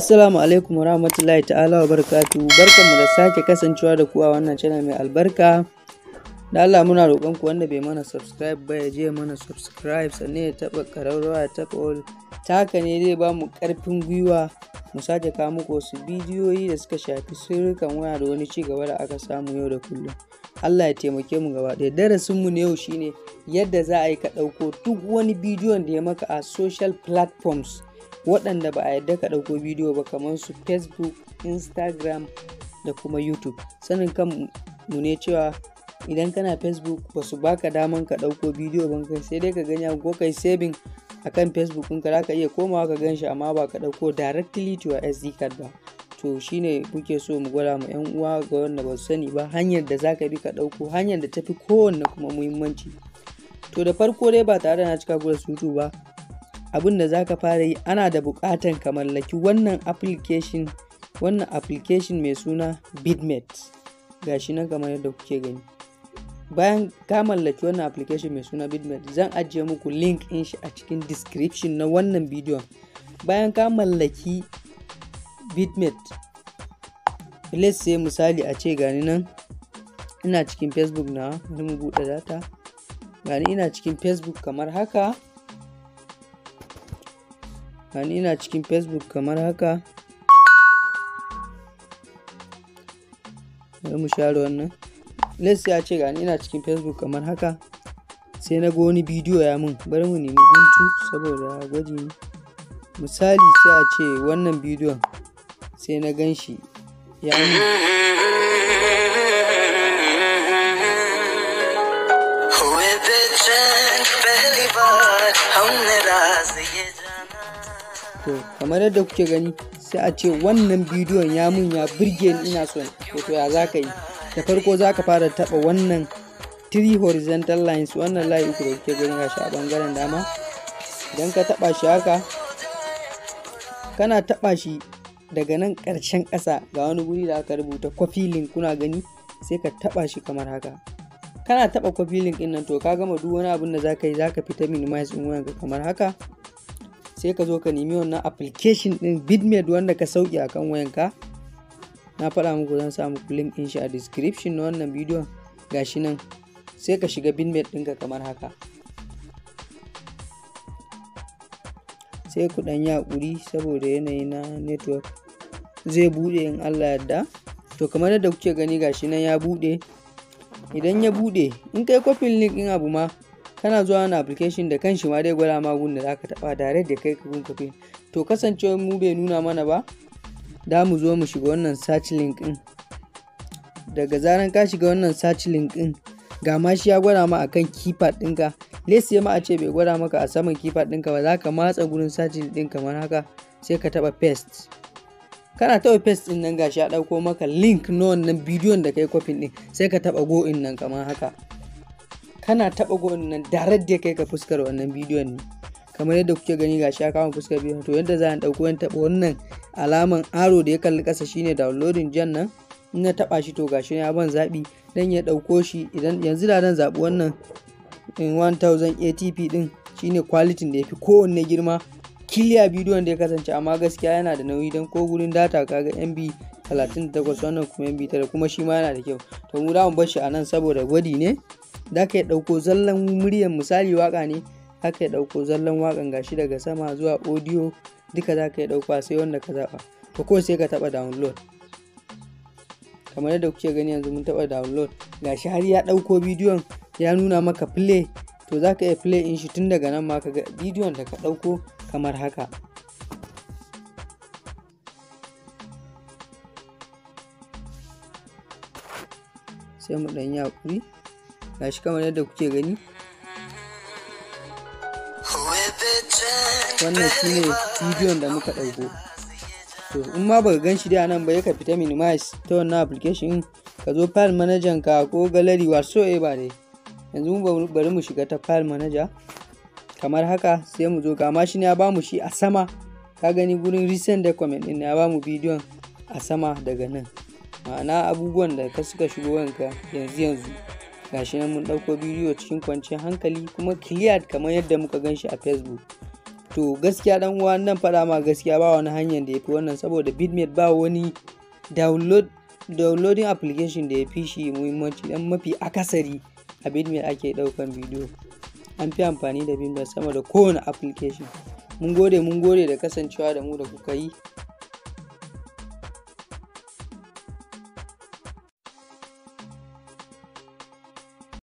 Assalamu alaikum wa rahmatullahi ta'ala wa barakatuhu mu da sake kasancewa da ku a wannan channel mai albarka da Allah muna roƙon ku wanda bai mana subscribe ba ya je mana subscribe sannan ya taɓa ƙararrawa ya taɓa all taka ne zai ba mu ƙarfin gwiwa mu sake kawo muku wasu bidiyoyi da suka shafi sirrukan waya da wani ci gaba da aka samu yau da kullum Allah ya taimake mu gaba ɗaya darasin mu na yau shine yadda za a yi ka ɗauko duk wani bidiyon da ya maka a social platforms waɗanda ba a yadda ka ɗauko bidiyo ba kamar su facebook instagram da kuma youtube sanin kan mu ne cewa idan kana facebook ba su baka daman ka ɗauko bidiyo ban kai sai dai ka gani ko kai saving akan facebook ɗinka za ka iya komawa ka gan shi amma ba ka ɗauko directly to a sd card ba to shine kuke so mu gwada ma yan uwa ga wanda ba su sani ba hanyar da za ka bi ka ɗauko hanyar da ta fi kowanne kuma muhimmanci to da farko dai ba tare da na cika gura sutu ba abin da za ka fara yi ana da buƙatan ka mallaki wannan application wannan application mai suna bitmet gashi nan kamar yadda kuke gani bayan ka mallaki wannan application mai suna bitmet zan ajiye muku link in shi a cikin description na wannan bidiyo. bayan ka mallaki bitmet let's say misali a ce gani nan ina cikin facebook na mu buɗe data gani ina cikin facebook kamar haka hannu ina cikin facebook kamar haka bari mu share wannan let's ya ce gani ina cikin facebook kamar haka sai na ga wani bidiyo ya mun bari mu nemi guntu saboda gwaji misali sai a ce wannan bidiyon sai na gan shi ya mun to kamar yadda kuke gani sai a ce wannan bidiyon ya mun ya birge ni ina son to ya za ka yi da farko za ka fara taba wannan three horizontal lines wannan layi uku da kuke gani gashi a bangaren dama idan ka taba shi haka kana taba shi daga nan karshen kasa ga wani guri da aka rubuta kwafilin kuna gani sai ka taba shi kamar haka kana taba kwafilin din nan to ka gama duk wani abin da zaka yi zaka ka fita minimize din wayanka kamar haka sai ka zo ka nemi wannan application din bitmed wanda ka sauki akan wayanka na faɗa muku zan samu link din shi a description na wannan bidiyon gashi nan sai ka shiga bitmed ɗinka kamar haka sai ku ɗan yi saboda yanayi na network zai buɗe in allah yadda to kamar yadda kuke gani gashi nan ya buɗe idan ya buɗe in kai kofin link ɗin abu ma kana zuwa wani application da kanshi ma dai gwada magun da zaka taba direct da kai kun kafe to kasancewar mu bai nuna mana ba da mu zo mu shiga wannan search link din daga zaran ka shiga wannan search link din ga ma shi ya gwada ma akan keypad ɗinka lesi ma a ce bai gwada maka a saman keypad ɗinka ba za ka matsa gurin search din kamar haka sai ka taba paste kana taɓa paste ɗin nan gashi ya ɗauko maka link na wannan bidiyon da kai kwafin ɗin sai ka taɓa go in nan kamar haka kana taɓa wannan darar da kai ka fuskar wannan bidiyon ne kamar yadda kuke gani ga shi kama fuskar bidiyon to yadda za a ɗauko wani taɓa wannan alaman aro da ya kalli ƙasa shine downloading jan nan in na taɓa shi to ga shi ne ban zaɓi dan ya ɗauko shi idan yanzu da dan zaɓi wannan in 1000 atp din shine kwalitin da ya fi kowanne girma kiliya bidiyon da ya kasance amma gaskiya yana da nauyi dan ko gurin data kaga mb 38 wannan kuma mb 9 kuma shi ma yana da kyau to mu da mu bar shi a saboda gwadi ne da ka ɗauko zallan muryan misali waka ne aka yi ɗauko zallan wakan gashi daga sama zuwa audio duka za ka yi ɗauka sai wanda ka zaɓa to ko sai ka taɓa download kamar yadda kuke gani yanzu mun taɓa download gashi har ya ɗauko bidiyon ya nuna maka play to za ka iya play in shi tun daga nan ma ka ga bidiyon da ka ɗauko kamar haka sai mu ɗan haƙuri gashi kamar yadda kuke gani wannan shine bidiyon da muka ɗauko to in ma baka gan shi dai anan ba ka fita minimize ta wannan application ka zo file manager ka ko gallery ba dai yanzu mu bari mu shiga ta file manager kamar haka sai mu zo ga shi ne ya bamu shi a sama ka gani gurin recent document din ya bamu bidiyon a sama daga nan ma'ana abubuwan da ka suka shigo wanka yanzu yanzu gashi nan mun ɗauko bidiyo cikin kwanciyar hankali kuma cleared kamar yadda muka gan shi a facebook to gaskiya dan uwa nan faɗa ma gaskiya ba wani hanyar da ya fi wannan saboda bitmate ba wani download downloading application da ya fi shi muhimmanci dan mafi akasari a bitmate ake ɗaukan bidiyo an fi amfani da bitmate sama da kowane application mun gode mun gode da kasancewa da mu da kuka yi